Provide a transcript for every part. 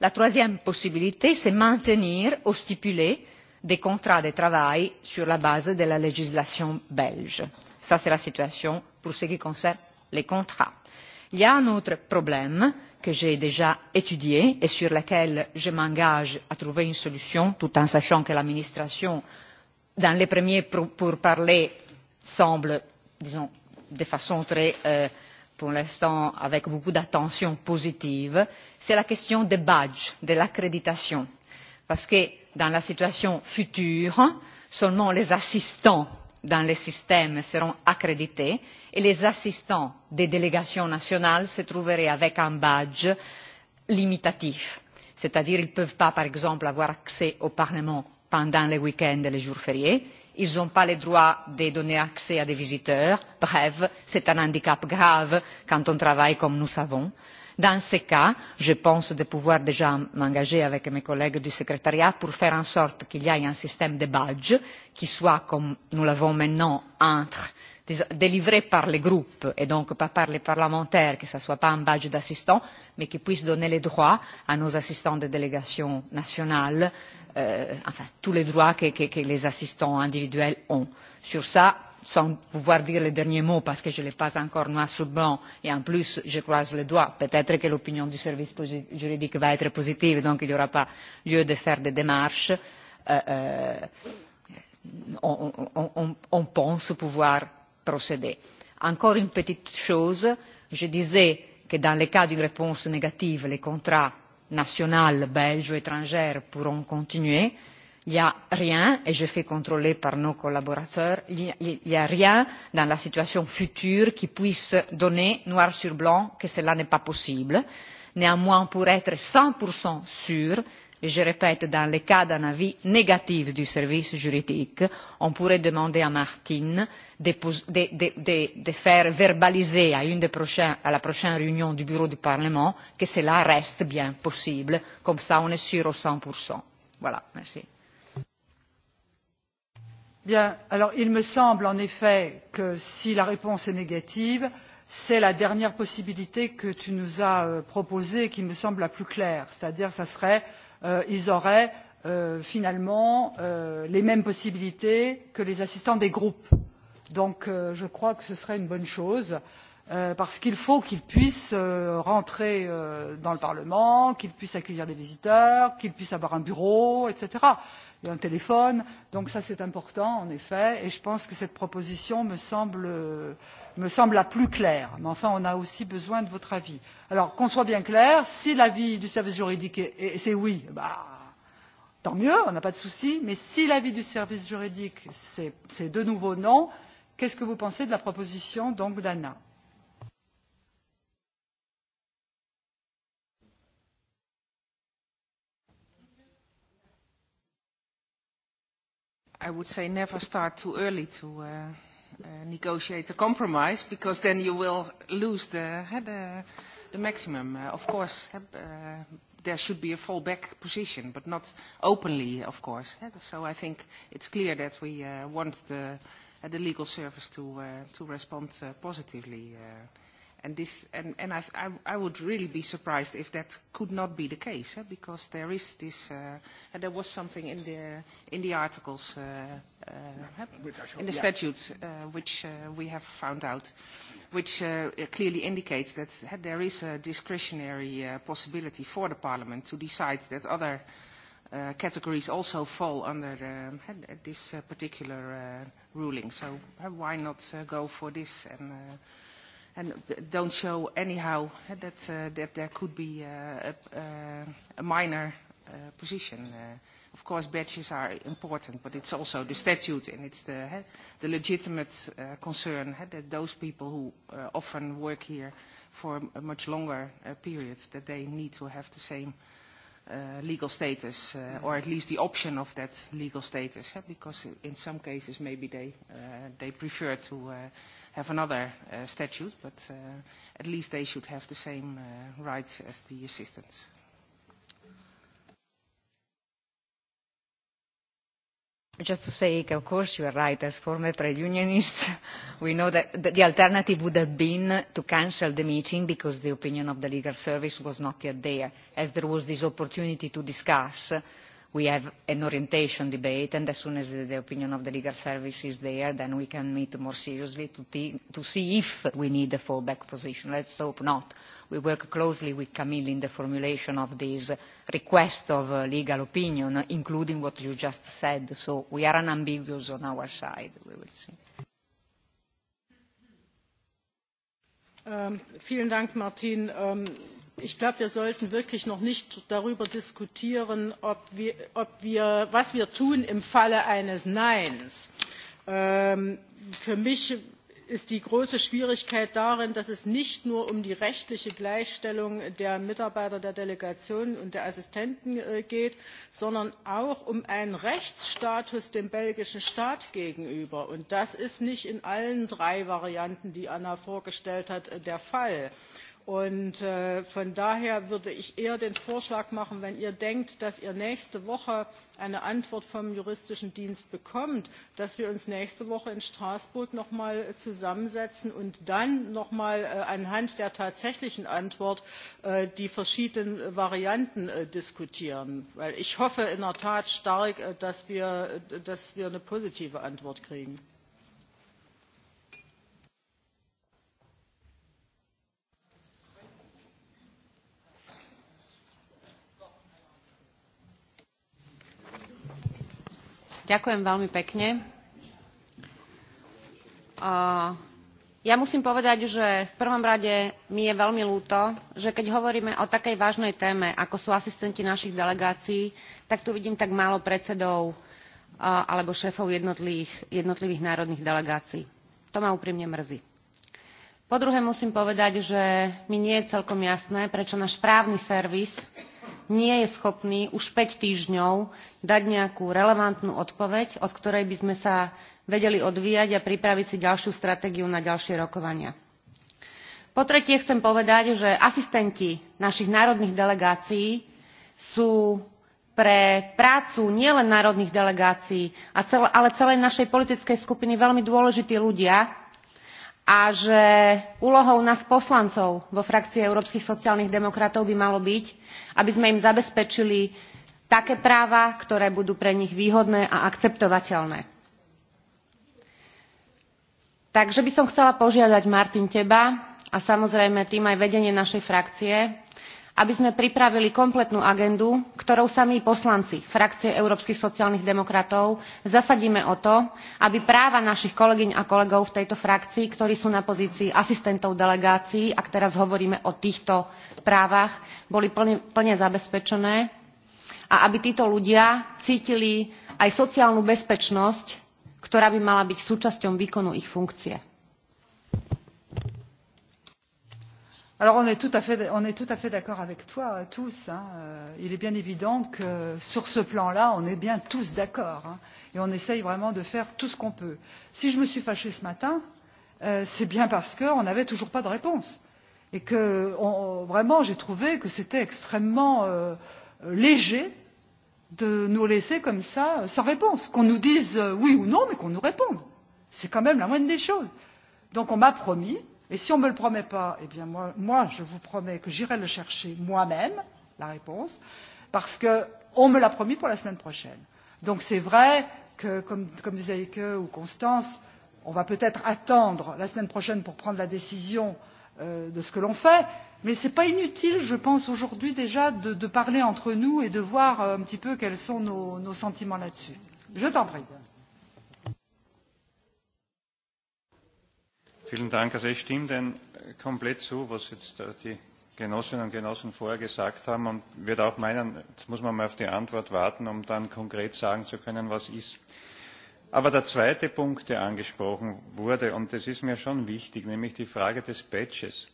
la troisième possibilité c'est de maintenir ou stipuler des contrats de travail sur la base de la législation belge. ça c'est la situation pour ce qui concerne les contrats. il y a un autre problème que j'ai déjà étudié et sur lequel je m'engage à trouver une solution tout en sachant que l'administration dans les premiers pourparlers semble disons de façon très euh, pour l'instant avec beaucoup d'attention positive c'est la question des badges de l'accréditation parce que dans la situation future seulement les assistants dans les systèmes seront accrédités et les assistants des délégations nationales se trouveraient avec un badge limitatif c'est à dire qu'ils ne peuvent pas par exemple avoir accès au parlement pendant les week ends et les jours fériés; ils n'ont pas le droit de donner accès à des visiteurs bref c'est un handicap grave quand on travaille comme nous le savons. dans ce cas je pense pouvoir déjà m'engager avec mes collègues du secrétariat pour faire en sorte qu'il y ait un système de badges qui soit comme nous l'avons maintenant entre délivrés par les groupes et donc pas par les parlementaires, que ce ne soit pas un badge d'assistant, mais qui puisse donner les droits à nos assistants des délégations nationales euh, enfin tous les droits que, que, que les assistants individuels ont. Sur ça, sans pouvoir dire les derniers mots parce que je ne l'ai pas encore noir sur blanc et en plus je croise les doigts peut être que l'opinion du service juridique va être positive donc il n'y aura pas lieu de faire des démarches euh, euh on, on, on, on pense pouvoir procéder. encore une petite chose je disais que dans le cas d'une réponse négative les contrats nationaux belges ou étrangers pourront continuer. il n'y a rien et je fais contrôler par nos collaborateurs il n'y a rien dans la situation future qui puisse donner noir sur blanc que cela n'est pas possible. néanmoins pour être cent sûrs et je répète dans le cas d'un avis négatif du service juridique on pourrait demander à martin de, faire verbaliser à, la prochaine réunion du bureau du parlement que cela reste bien possible comme cela on est sûr à cent voilà merci. Bien, alors il me semble en effet que si la réponse est négative c'est la dernière possibilité que tu nous as euh, proposée qui me semble la plus claire c'est à dire que ce serait Euh, ils auraient euh, finalement euh, les mêmes possibilités que les assistants des groupes. donc je crois que ce serait une bonne chose parce qu'il faut qu'ils puissent rentrer dans le parlement qu'ils puissent accueillir des visiteurs qu'ils puissent avoir un bureau etc un téléphone donc ça c'est important en effet et je pense que cette proposition me semble, me semble la plus claire mais enfin on a aussi besoin de votre avis. alors qu'on soit bien clair si l'avis du service juridique est, c'est oui bah, tant mieux on n'a pas de souci mais si l'avis du service juridique c'est de nouveau non qu'est ce que vous pensez de la proposition d'anna? I would say never start too early to uh, uh, negotiate a compromise because then you will lose the, uh, the, the maximum. Uh, of course, uh, there should be a fallback position, but not openly, of course. Uh, so I think it's clear that we uh, want the, uh, the legal service to, uh, to respond uh, positively. Uh, and this, and, and I, I, I would really be surprised if that could not be the case, eh, because there is this, uh, and there was something in the, in the articles, uh, uh, yeah, in the yeah. statutes, uh, which uh, we have found out, which uh, clearly indicates that uh, there is a discretionary uh, possibility for the Parliament to decide that other uh, categories also fall under uh, this uh, particular uh, ruling. So uh, why not uh, go for this and... Uh, and don't show anyhow eh, that, uh, that there could be uh, a, a minor uh, position. Uh, of course, badges are important, but it's also the statute and it's the, uh, the legitimate uh, concern uh, that those people who uh, often work here for a much longer uh, period, that they need to have the same uh, legal status, uh, or at least the option of that legal status, uh, because in some cases maybe they, uh, they prefer to uh, have another uh, statute, but uh, at least they should have the same uh, rights as the assistants. Just to say, of course, you are right. As former trade unionists, we know that the alternative would have been to cancel the meeting because the opinion of the legal service was not yet there, as there was this opportunity to discuss. Uh, we have an orientation debate, and as soon as the, the opinion of the legal service is there, then we can meet more seriously to, to see if we need a fallback position. Let's hope not. We work closely with Camille in the formulation of this request of a uh, legal opinion, including what you just said. So we are unambiguous on our side. We will see. Ähm, vielen Dank, Martin. Um, ich glaube wir sollten wirklich noch nicht darüber diskutieren was wir tun im falle eines neins. Ähm, für mich ist die große schwierigkeit darin dass es nicht nur um die rechtliche gleichstellung der mitarbeiter der delegationen und der assistenten äh, geht sondern auch um einen rechtsstatus dem belgischen staat gegenüber und das ist nicht in allen drei varianten die anna vorgestellt hat äh, der fall und äh, von daher würde ich eher den vorschlag machen wenn ihr denkt dass ihr nächste woche eine antwort vom juristischen dienst bekommt dass wir uns nächste woche in straßburg noch einmal zusammensetzen und dann noch einmal äh, anhand der tatsächlichen antwort äh, die verschiedenen varianten diskutieren. denn ich hoffe in der tat stark dass wir eine positive antwort kriegen. Ďakujem veľmi pekne. Ja musím povedať, že v prvom rade mi je veľmi ľúto, že keď hovoríme o takej vážnej téme, ako sú asistenti našich delegácií, tak tu vidím tak málo predsedov alebo šéfov jednotlivých, jednotlivých národných delegácií. To ma úprimne mrzí. Po druhé musím povedať, že mi nie je celkom jasné, prečo náš právny servis nie je schopný už päť týždňov dať nejakú relevantnú odpoveď, od ktorej by sme sa vedeli odvíjať a pripraviť si ďalšiu stratégiu na ďalšie rokovania. Po tretie chcem povedať, že asistenti našich národných delegácií sú pre prácu nielen národných delegácií, ale celej našej politickej skupiny veľmi dôležití ľudia, a že úlohou nás poslancov vo frakcii európskych sociálnych demokratov by malo byť, aby sme im zabezpečili také práva, ktoré budú pre nich výhodné a akceptovateľné. Takže by som chcela požiadať Martin teba a samozrejme tým aj vedenie našej frakcie, aby sme pripravili kompletnú agendu ktorou sa my poslanci frakcie európskych sociálnych demokratov zasadíme o to aby práva našich kolegýň a kolegov v tejto frakcii ktorí sú na pozícii asistentov delegácií ak teraz hovoríme o týchto právach boli plne zabezpečené a aby títo ľudia cítili aj sociálnu bezpečnosť ktorá by mala byť súčasťou výkonu ich funkcie. Alors on est tout à fait, on est tout à fait d'accord avec toi tous. Hein. Euh, il est bien évident que sur ce plan-là, on est bien tous d'accord. Hein. Et on essaye vraiment de faire tout ce qu'on peut. Si je me suis fâchée ce matin, euh, c'est bien parce qu'on n'avait toujours pas de réponse. Et que on, vraiment, j'ai trouvé que c'était extrêmement euh, léger de nous laisser comme ça, euh, sans réponse. Qu'on nous dise euh, oui ou non, mais qu'on nous réponde. C'est quand même la moindre des choses. Donc on m'a promis Et si on ne me le promet pas, eh bien moi, moi je vous promets que j'irai le chercher moi-même, la réponse, parce qu'on me l'a promis pour la semaine prochaine. Donc c'est vrai que, comme, comme disait Ike ou Constance, on va peut-être attendre la semaine prochaine pour prendre la décision euh, de ce que l'on fait, mais ce n'est pas inutile, je pense, aujourd'hui déjà de, de parler entre nous et de voir euh, un petit peu quels sont nos, nos sentiments là-dessus. Je t'en prie. Vielen Dank. Also ich stimme dem komplett zu, was jetzt äh, die Genossinnen und Genossen vorher gesagt haben und würde auch meinen, jetzt muss man mal auf die Antwort warten, um dann konkret sagen zu können, was ist. Aber der zweite Punkt, der angesprochen wurde, und das ist mir schon wichtig, nämlich die Frage des Badges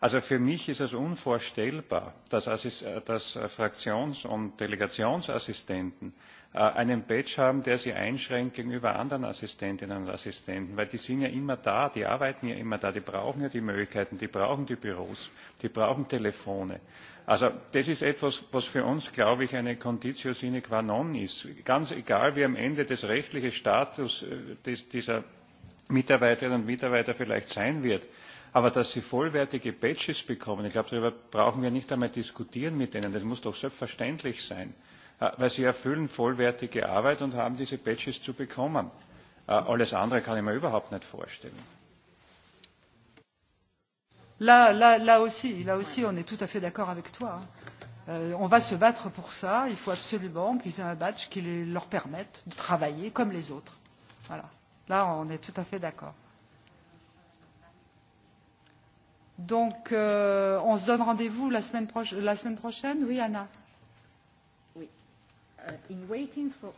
Also für mich ist es unvorstellbar, dass, Assist dass äh, Fraktions- und Delegationsassistenten äh, einen Badge haben, der sie einschränkt gegenüber anderen Assistentinnen und Assistenten, weil die sind ja immer da, die arbeiten ja immer da, die brauchen ja die Möglichkeiten, die brauchen die Büros, die brauchen Telefone. Also das ist etwas, was für uns, glaube ich, eine Conditio sine qua non ist. Ganz egal, wie am Ende des rechtliche Status äh, des, dieser Mitarbeiterinnen und Mitarbeiter vielleicht sein wird Aber dass sie vollwertige Badges bekommen, ich glaube, darüber brauchen wir nicht einmal diskutieren mit ihnen. Das muss doch selbstverständlich sein, äh, weil sie erfüllen vollwertige Arbeit und haben diese Badges zu bekommen. Äh, alles andere kann ich mir überhaupt nicht vorstellen. Là, là, là aussi, là aussi, on est tout à fait d'accord avec toi. Euh, on va se battre pour ça. Il faut absolument qu'ils aient un badge qui les, leur permette de travailler comme les autres. Voilà. Là, on est tout à fait d'accord. Donc, euh, on se donne rendez-vous la, la semaine prochaine Oui, Anna Oui. Uh, in, waiting for,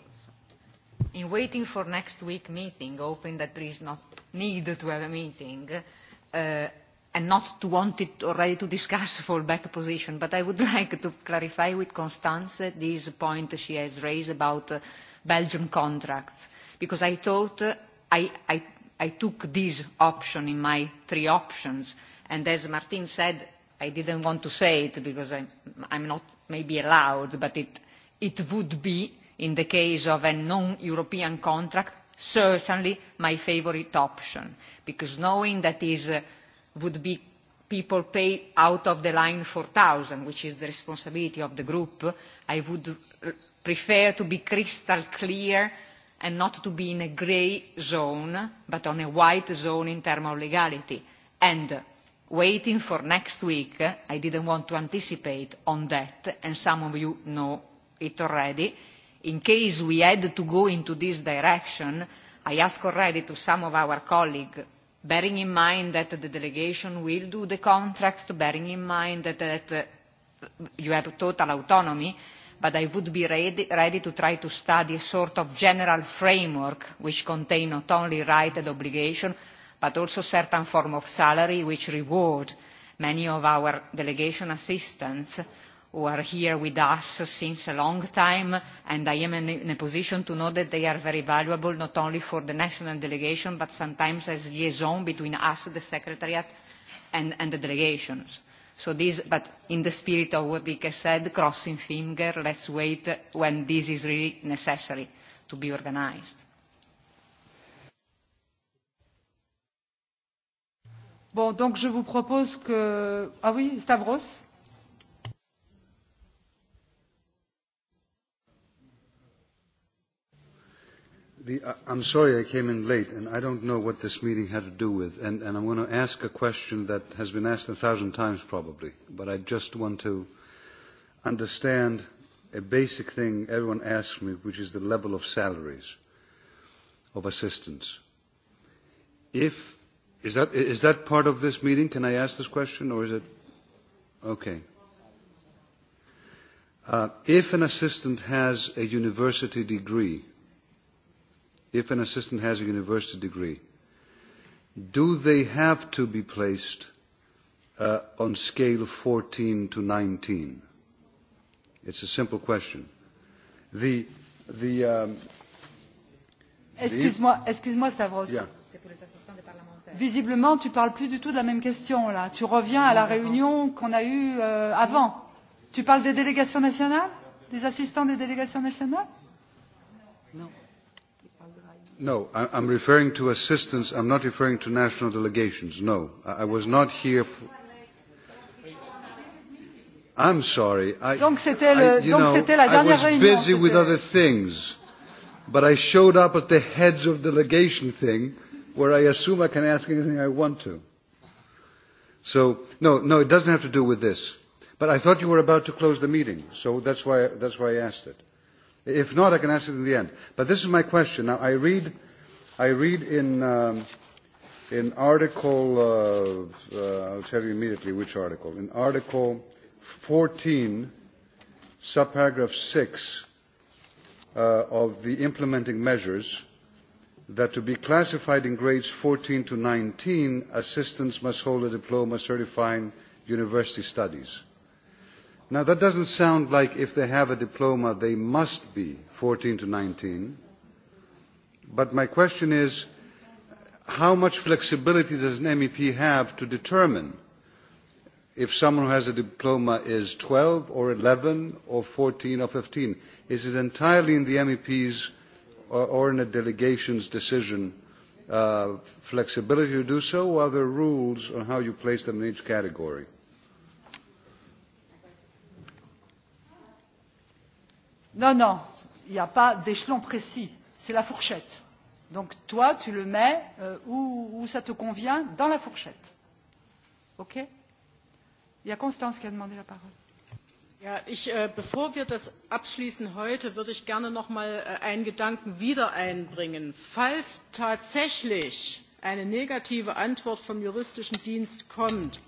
in waiting for next week meeting, hoping that there is not need to have a meeting, uh, and not to want it already to discuss fallback position, but I would like to clarify with Constance uh, this point she has raised about uh, Belgium contracts, because I thought uh, I, I, I took this option in my three options, And as Martin said, I didn't want to say it because I'm, am not maybe allowed, but it, would be, in the case of a non-European contract, certainly my favourite option, because knowing that is, uh, would be people pay out of the line thousand which is the responsibility of the group, I would uh, prefer to be crystal clear and not to be in a grey zone, but on a white zone in terms of legality. And waiting for next week, I didn't want to anticipate on that, and some of you know it already. In case we had to go into this direction, I asked already to some of our colleagues, bearing in mind that the delegation will do the contract, bearing in mind that, that uh, you have total autonomy, but I would be ready, ready to try to study a sort of general framework which contain not only rights and obligations but also certain form of salary which reward many of our delegation assistants who are here with us since a long time, and I am in a position to know that they are very valuable, not only for the national delegation, but sometimes as liaison between us, the Secretariat, and, and the delegations. So this, but in the spirit of what Vika said, crossing finger, let's wait when this is really necessary to be organized. Bon, donc je vous propose que... Ah oui, Stavros The, uh, I'm sorry I came in late, and I don't know what this meeting had to do with, and, and I'm going to ask a question that has been asked a thousand times probably, but I just want to understand a basic thing everyone asks me, which is the level of salaries of assistants. If Is that, is that part of this meeting? Can I ask this question or is it? Okay. Uh, if an assistant has a university degree, if an assistant has a university degree, do they have to be placed uh, on scale 14 to 19? It's a simple question. The, the, um, Excuse-moi, excuse-moi Stavros. Yeah visiblement tu parles plus du tout de la même question là. Tu reviens à la réunion qu'on a eue euh, avant. Tu parles des délégations nationales Des assistants des délégations nationales Non. No, I'm referring to assistance. I'm not referring to national delegations. No, I, was not here. For... I'm sorry. I, donc c'était le. I, donc c'était la dernière réunion. I was busy réunion. with other things, but I showed up at the heads of delegation thing where I assume I can ask anything I want to. So, no, no, it doesn't have to do with this. But I thought you were about to close the meeting, so that's why, that's why I asked it. If not, I can ask it in the end. But this is my question. Now, I read, I read in, um, in Article, uh, uh, I'll tell you immediately which article, in Article 14, subparagraph 6 uh, of the implementing measures, that to be classified in grades 14 to 19, assistants must hold a diploma certifying university studies. Now that doesn't sound like if they have a diploma they must be 14 to 19. But my question is, how much flexibility does an MEP have to determine if someone who has a diploma is 12 or 11 or 14 or 15? Is it entirely in the MEP's or, in a delegation's decision uh, flexibility to do so, or are there rules on how you place them in each category? Non, non, il n'y a pas d'échelon précis, c'est la fourchette. Donc toi, tu le mets euh, où, où ça te convient, dans la fourchette. OK Il y a Constance qui a demandé la parole. Ja, ich, äh, bevor wir das abschließen heute, würde ich gerne noch mal äh, einen Gedanken wieder einbringen. Falls tatsächlich eine negative Antwort vom juristischen Dienst kommt,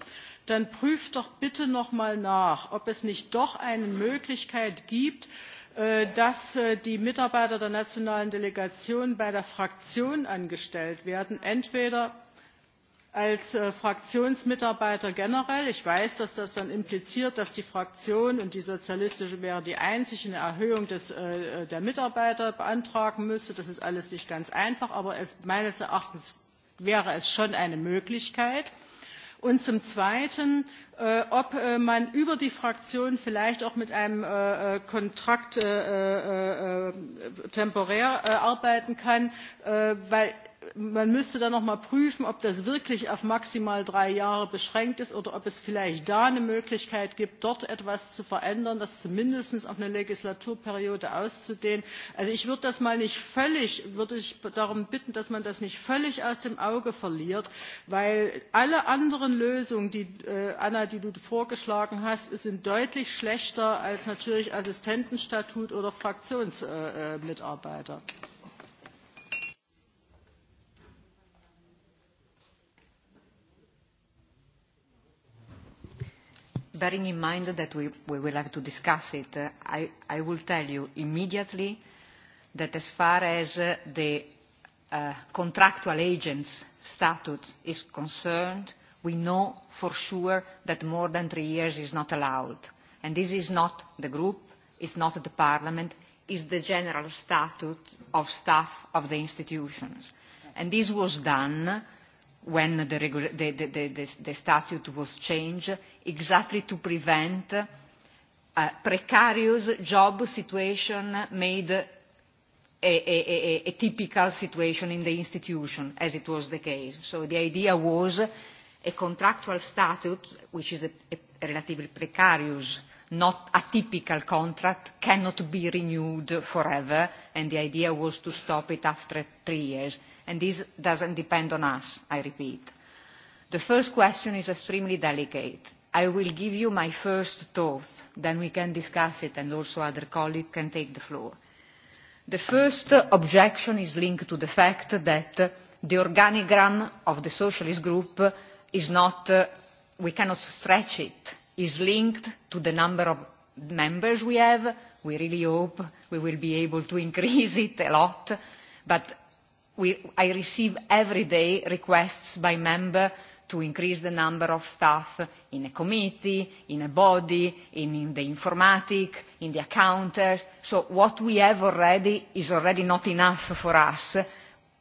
dann prüft doch bitte noch mal nach, ob es nicht doch eine Möglichkeit gibt, äh, dass die mitarbeiter der nationalen delegation bei der fraktion angestellt werden entweder als äh, fraktionsmitarbeiter generell ich weiß dass das dann impliziert dass die fraktion und die sozialistische wären die einzige eine erhöhung des, äh, äh, der mitarbeiter beantragen müssten das ist alles nicht ganz einfach aber meines erachtens wäre es schon eine möglichkeit und zum zweiten ob man über die fraktion vielleicht auch mit einem kontrakt temporär arbeiten kann weil man müsste dann noch mal prüfen ob das wirklich auf maximal drei jahre beschränkt ist oder ob es vielleicht da eine möglichkeit gibt dort etwas zu verändern das zumindest auf eine legislaturperiode auszudehnen. also ich würde das mal nicht völlig würde ich darum bitten dass man das nicht völlig aus dem auge verliert weil alle anderen lösungen die äh, anna die du vorgeschlagen hast sind deutlich schlechter als natürlich assistentenstatut oder fraktionsmitarbeiter. bearing in mind that we, we will have to discuss it, uh, I, I will tell you immediately that as far as uh, the uh, contractual agents statute is concerned, we know for sure that more than three years is not allowed. And this is not the group, it's not the parliament, it's the general statute of staff of the institutions. And this was done when the, the, the, the, the statute was changed, exactly to prevent a uh, precarious job situation made a, a, a, a typical situation in the institution, as it was the case. So the idea was a contractual statute, which is a, a relatively precarious uh, not a typical contract cannot be renewed forever and the idea was to stop it after three years and this doesn't depend on us i repeat. the first question is extremely delicate. i will give you my first thoughts then we can discuss it and also other colleagues can take the floor. the first objection is linked to the fact that the organigram of the socialist group is not uh, we cannot stretch it is linked to the number of members we have. We really hope we will be able to increase it a lot. But we, I receive every day requests by member to increase the number of staff in a committee, in a body, in, in the informatic, in the accounters. So what we have already is already not enough for us,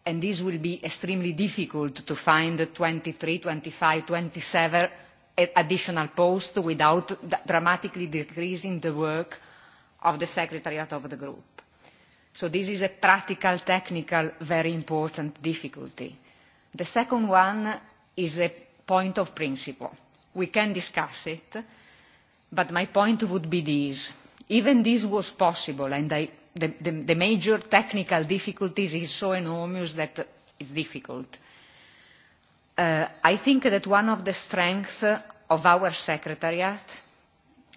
and this will be extremely difficult to find 23, 25, 27 additional post without dramatically decreasing the work of the secretariat of the group. So this is a practical, technical, very important difficulty. The second one is a point of principle. We can discuss it, but my point would be this. Even this was possible, and I, the, the, the major technical difficulties is so enormous that it's difficult Uh, I think that one of the strengths of our Secretariat,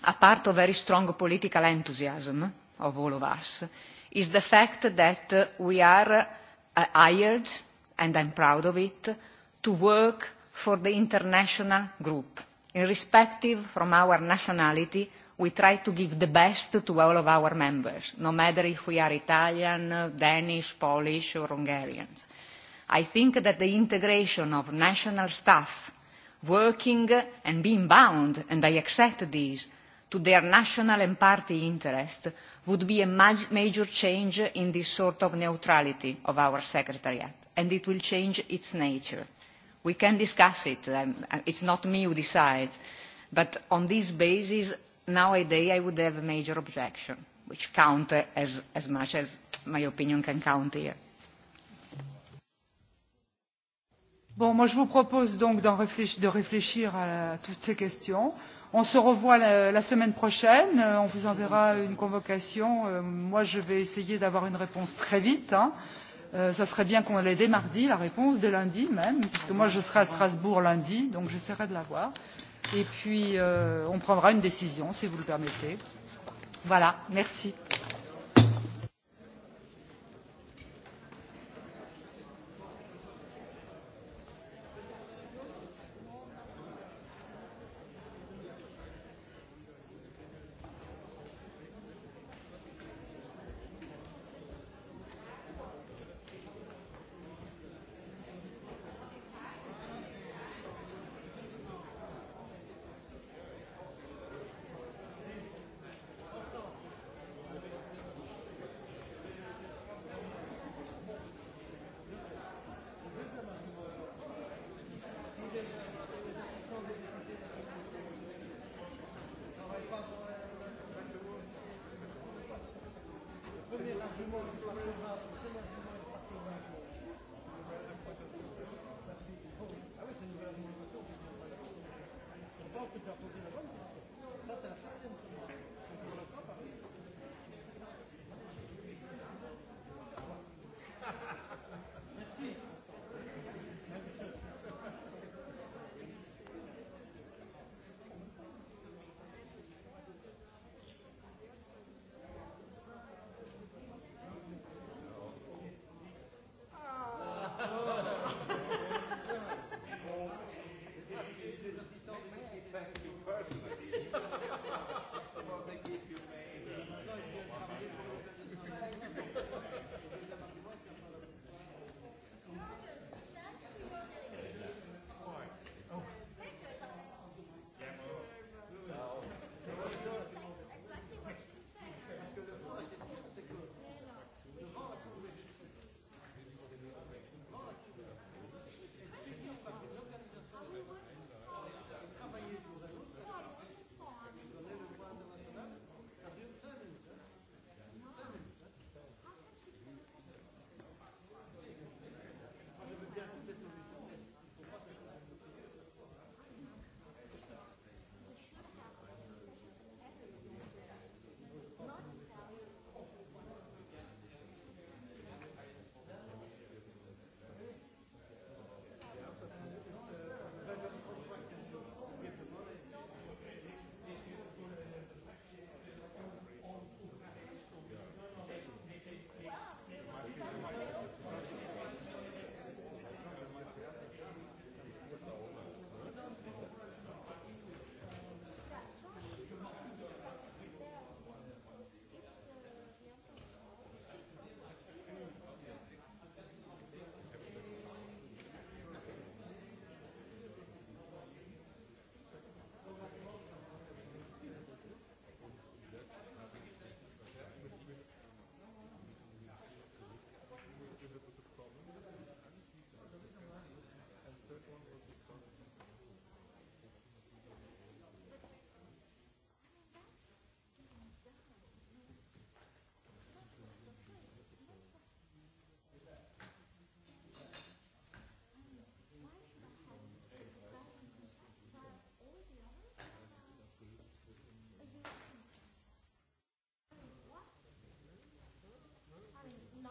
apart of very strong political enthusiasm of all of us, is the fact that we are uh, hired, and I'm proud of it, to work for the international group. Irrespective from our nationality, we try to give the best to all of our members, no matter if we are Italian, Danish, Polish or Hungarians I think that the integration of national staff working and being bound, and I accept this, to their national and party interest would be a major change in this sort of neutrality of our secretariat, and it will change its nature. We can discuss it. It's not me who decides. But on this basis, nowadays, I would have a major objection, which count as much as my opinion can count here. Bon, moi, je vous propose donc réfléchir, de réfléchir à, à toutes ces questions. On se revoit la, la semaine prochaine. Euh, on vous enverra une convocation. Euh, moi, je vais essayer d'avoir une réponse très vite. Hein. Euh, ça serait bien qu'on l'ait dès mardi, la réponse, dès lundi même, puisque moi, je serai à Strasbourg lundi, donc j'essaierai de l'avoir. Et puis, euh, on prendra une décision, si vous le permettez. Voilà, merci.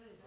Sì, sì.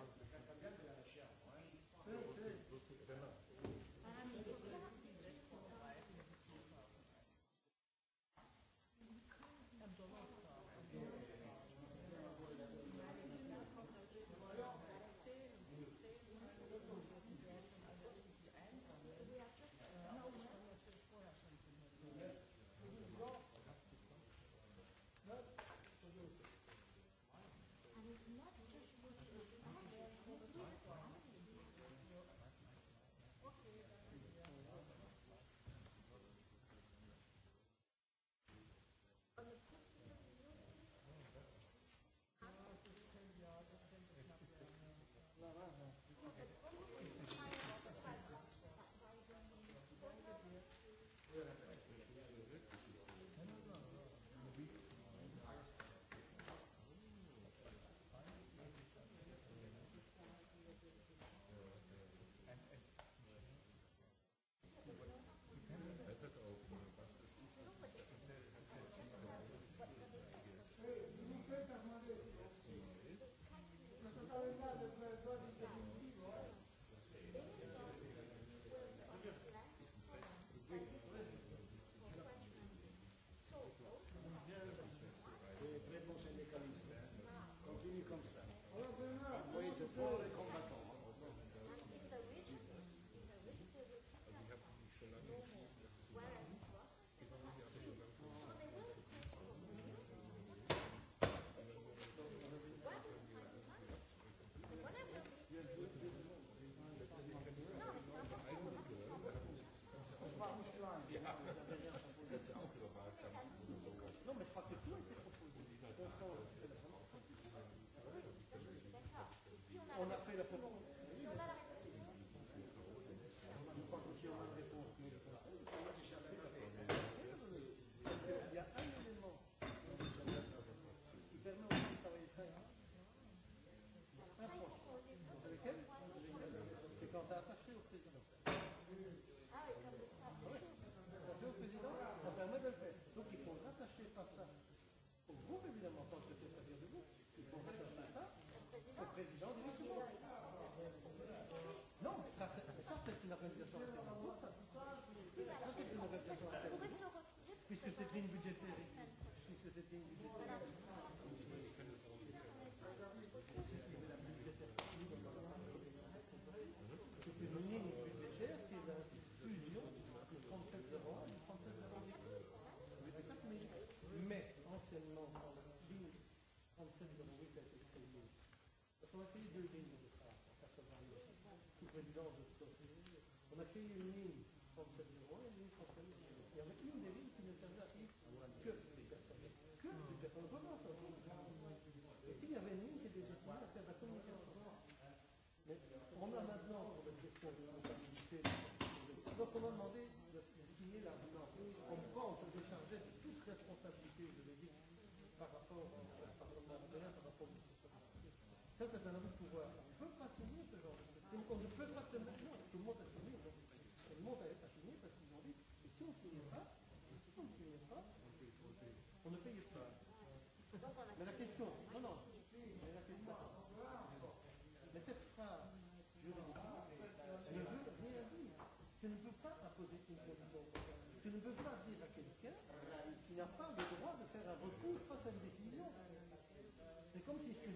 on a fait la proposition. Je crois qu'il y aura une réponse, mais je pense que moi j'ai cherché à faire. Il y a un élément de travailler très bien. Un point. Vous savez quel C'est quand tu es attaché au président. Attaché au président, de le faire. Donc il faut rattacher pas ça au groupe, évidemment, pas que c'est-à-dire du groupe. Il faut rattacher ça le président du Luxembourg. Non, ça c'est une organisation Ça c'est une organisation Puisque c'était une budgétaire. Puisque c'était une budgétaire. C'est une ligne budgétaire qui est la fusion de 37 euros et 37 euros. Mais anciennement, en ligne 37 euros, On a accueilli deux lignes de France en 82, sous présidence de Sophie. On a accueilli une ligne française de Rouen et une ligne française de Rouen. Il y avait une des lignes qui ne servait à que des personnes. Que des personnes. Comment ça Et puis il y avait une ligne qui était destinée à faire la communication. Mais on a maintenant, pour les questions de comptabilité, donc on m'a demandé de signer la On me prend, on se déchargeait de toute responsabilité, je l'ai dit, par rapport à la par rapport au ça, c'est un aveu de pouvoir. On ne peut pas signer ce genre de choses. Donc on ne peut pas se Non, tout le monde a signé. tout le monde a signé parce qu'ils ont dit, et si on ne signait pas, et si on ne signait pas, on ne paye pas. Mais la question, non, non, mais la question, mais cette phrase juridique ne veut rien dire. Tu ne peux pas imposer une condition. Tu ne peux pas dire à quelqu'un qui n'a pas le droit de faire un recours face à une décision. C'est comme si tu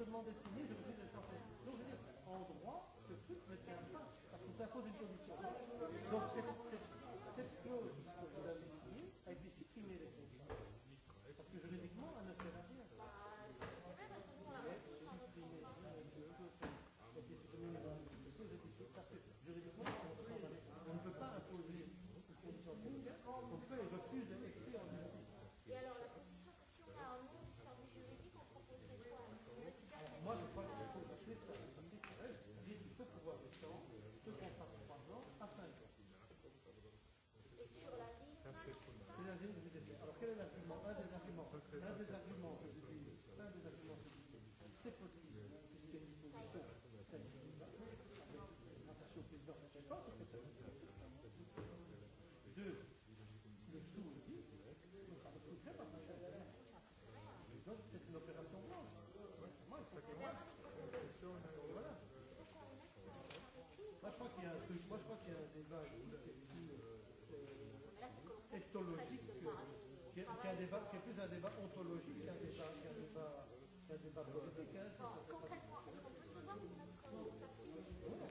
te demande de signer, je refuse de le faire. Donc, je veux dire, en droit, ce truc ne tient pas, parce que ça pose une position. Donc, c'est débat, qui est plus un débat ontologique qu'un débat, qu'un débat, concrètement, est peut se vendre notre, notre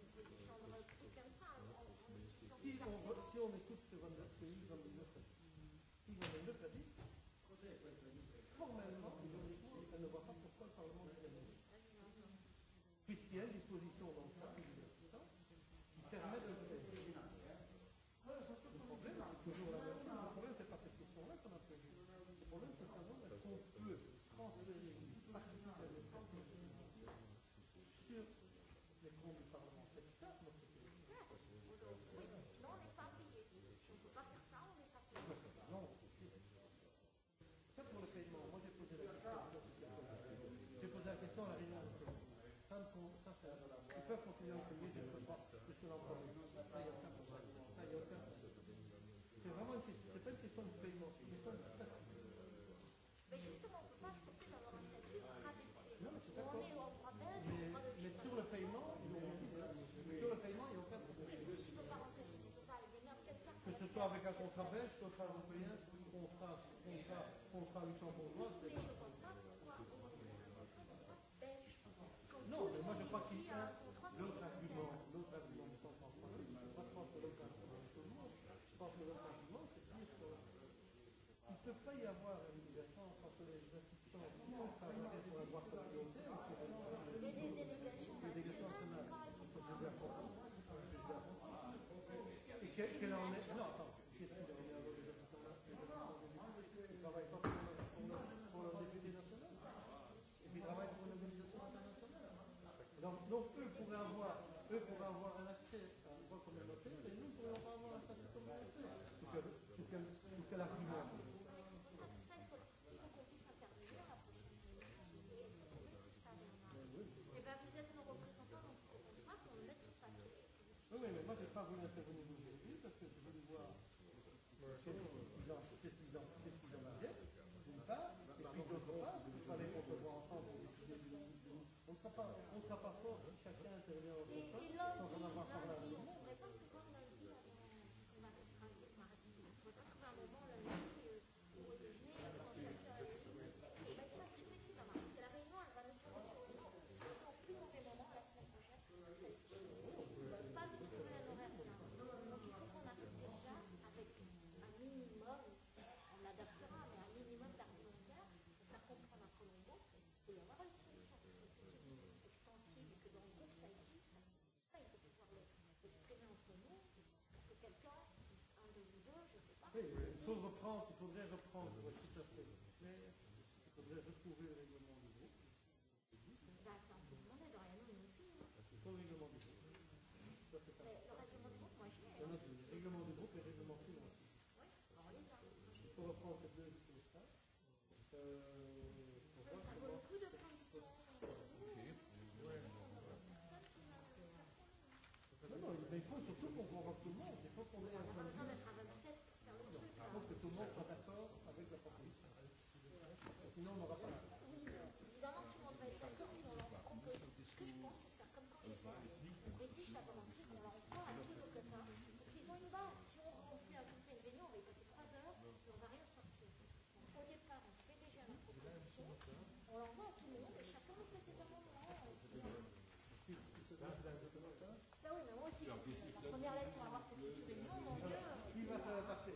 puisqu'il y a une disposition dans le cadre de l'université qui permet de le faire. Le problème, c'est toujours la même chose. Le problème, c'est pas cette question-là qu'on a posée. Le problème, c'est savoir est-ce qu'on peut transférer une partie de la sur les comptes du Parlement. C'est ça notre encore à l'énergie. Tant qu'on, c'est, vraiment une question, pas une question de paiement, c'est une question de statut. Mais justement, on ne peut pas un statut Non, mais c'est sur le paiement, il n'y a aucun problème. Mais si je ne peux pas rentrer, quelqu'un. Que ce soit avec un contrat belge, contrat européen, contrat, luxembourgeois, c'est peut pas y avoir une législation entre les assistants qui sont favorables pour un droit communautaire pas vous l'intervenir aujourd'hui parce que je voulais voir qu'est-ce qui en, qu qu en d'une part, et puis d'autre part, il fallait qu'on se voit ensemble pour décider d'une On ne sera pas fort si chacun intervient en son temps sans en avoir parlé à un quelqu'un, un des leaders, je ne sais pas. Oui, mais il faut reprendre, il faudrait reprendre, oui, tout à fait. Mais il faudrait retrouver le règlement du groupe. Bah, ça, on peut demander de rien nous aussi. Pas le règlement du groupe. Ça, c'est pas. Mais le règlement du groupe, moi, je l'ai. Non, non, le règlement du groupe est réglementé. Oui, on les a. Il faut reprendre ces deux choses-là. Euh, mais il faut surtout qu'on convoque tout le monde. Il faut qu'on ait un point de vue. Il faut que tout le monde soit d'accord avec la proposition. Sinon, on n'aura pas. Oui, évidemment, oui, mais moi aussi, la première lettre, on va voir cette petite réunion, mon Dieu. Qui va faire partir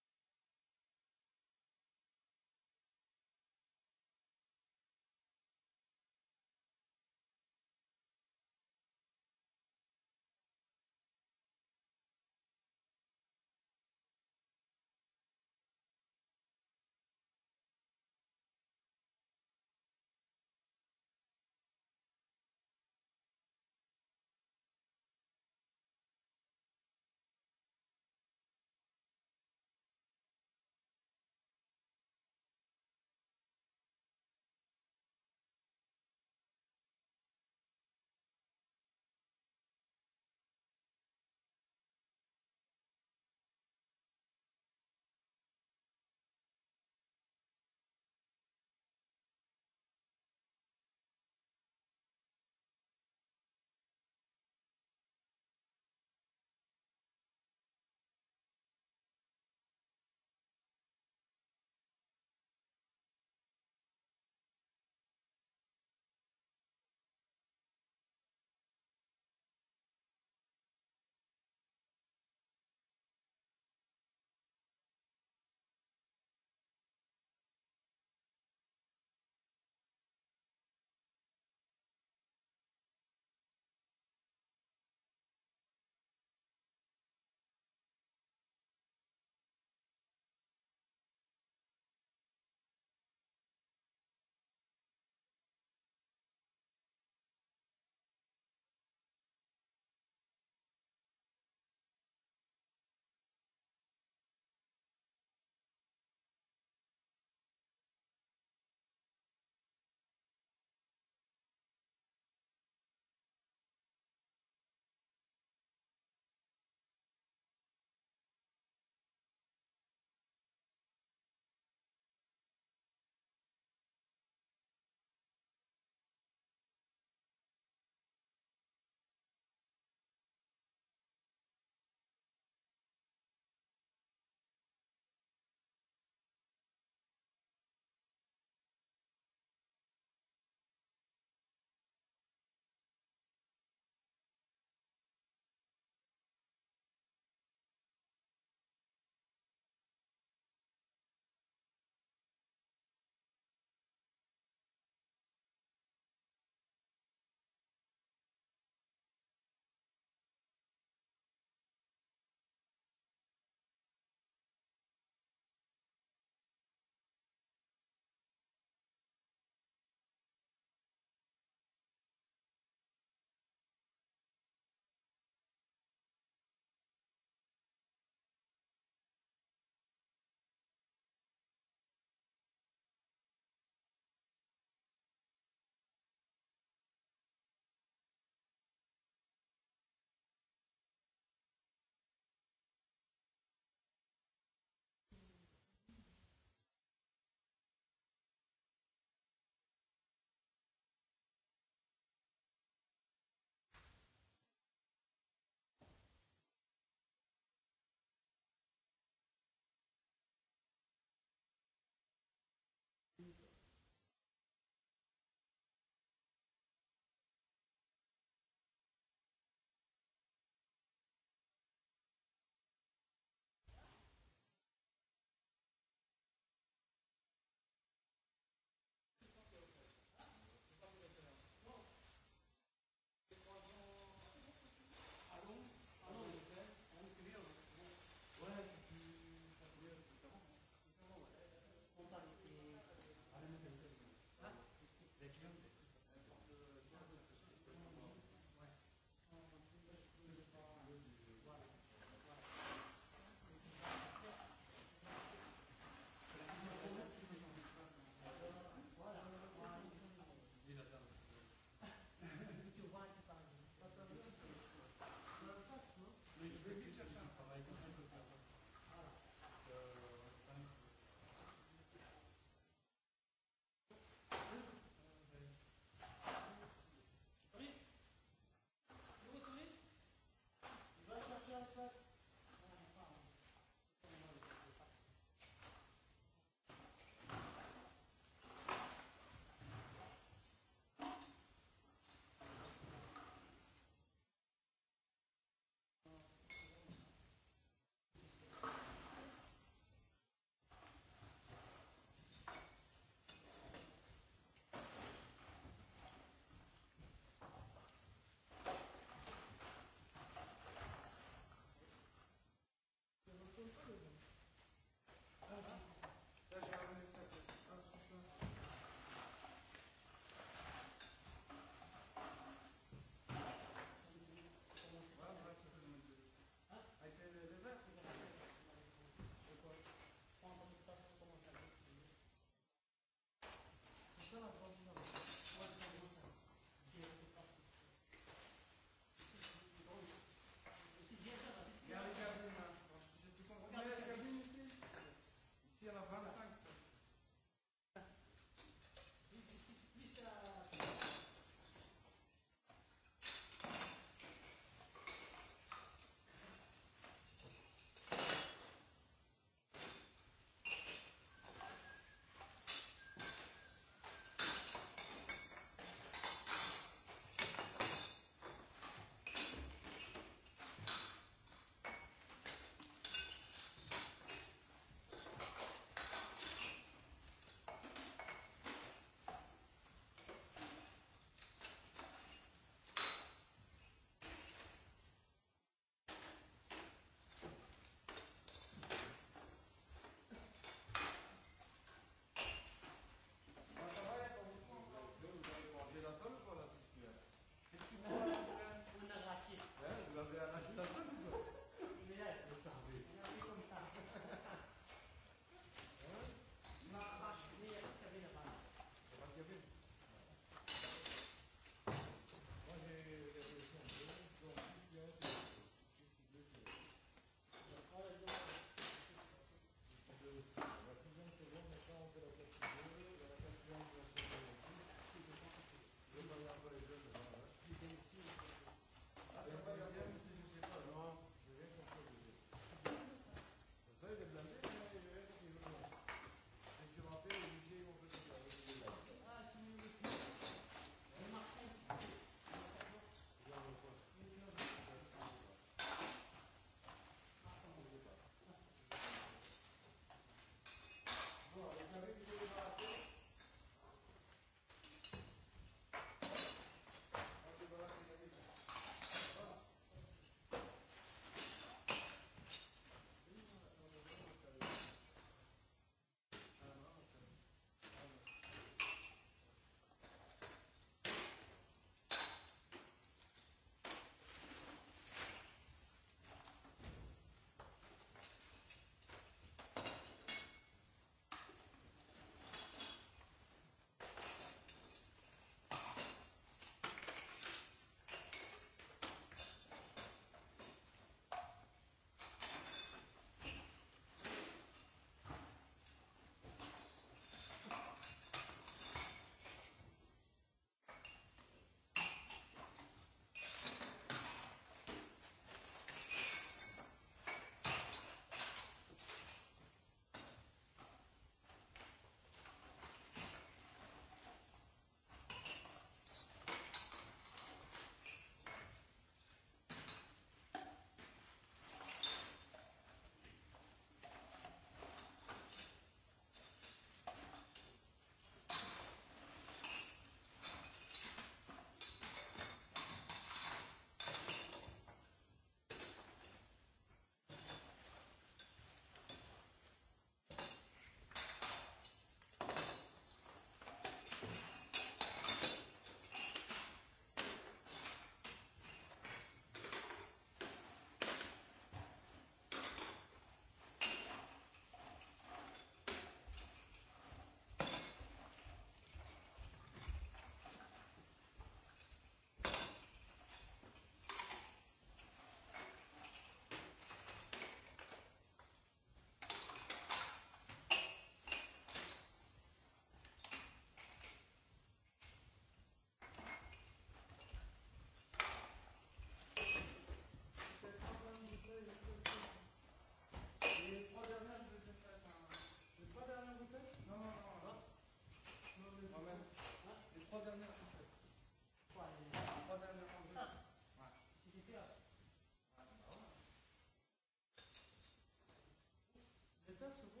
să vă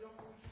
Eu am